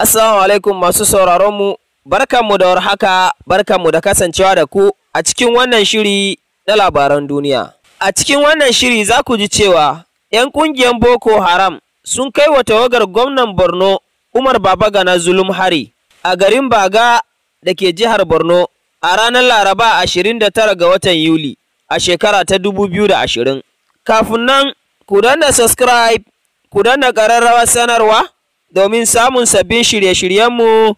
Assalamu alaikum masu sauraron mu, barkanmu da warhaka, barkanmu da kasancewa da ku a cikin wannan shiri na labaran duniya. A cikin wannan shiri za ku ji cewa ‘yan ƙungiyar Boko Haram sun kai wa tawagar gwamnan Borno Umar Baba Babagana Zulum Hari a garin Baga da ke jihar Borno a ranar Laraba 29 ga watan Yuli a shekara ta 2020. Kafin nan, ku danna subscribe, ku danna ƙararrawar sanarwa. domin samun sabbin shirye-shiryenmu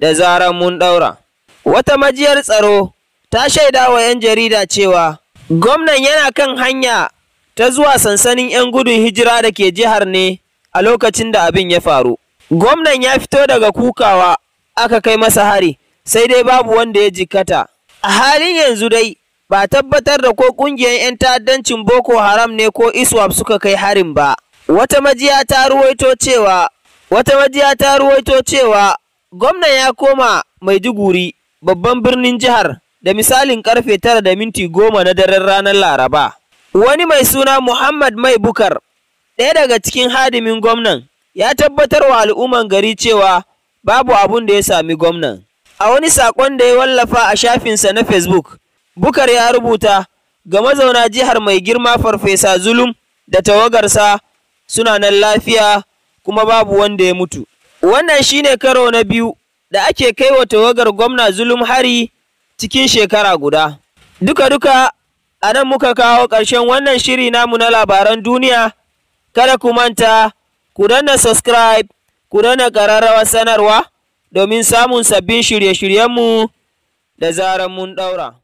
da zarar mun ɗaura. Wata majiyar tsaro ta shaida wa 'yan jarida cewa gwamnan yana kan hanya ta zuwa sansanin 'yan gudun hijira da ke jihar ne a lokacin da abin ya faru. Gwamnan ya fito daga kukawa aka kai masa hari, sai dai babu wanda ya jikkata. A halin yanzu dai, ba tabbatar da ko ƙungiyar 'yan ta'addancin Boko Haram ne ko ISWAP suka kai harin ba. Wata majiya ta ruwaito cewa Wata majiya ta ruwaito cewa gwamnan ya koma Maiduguri babban birnin jihar da misalin karfe tara da minti goma na daren ranar Laraba. Wani mai suna Muhammad Mai Bukar, ɗaya daga cikin hadimin gwamnan, ya tabbatar wa al'umman gari cewa babu abun da ya sami gwamnan. A wani saƙon da ya wallafa a shafinsa na Facebook, Bukar ya rubuta ga mazauna jihar mai girma Farfesa Zulum da tawagarsa suna nan lafiya kuma babu wanda ya mutu. Wannan shi ne karo na biyu da ake kai wa tawagar gwamna zulum hari cikin shekara guda. Duka-duka a nan muka kawo ƙarshen wannan shiri namu na labaran duniya, kada ku manta, ku danna subscribe, ku danna ƙararrawar sanarwa domin samun sabbin shirye-shiryenmu da zarar mun ɗaura.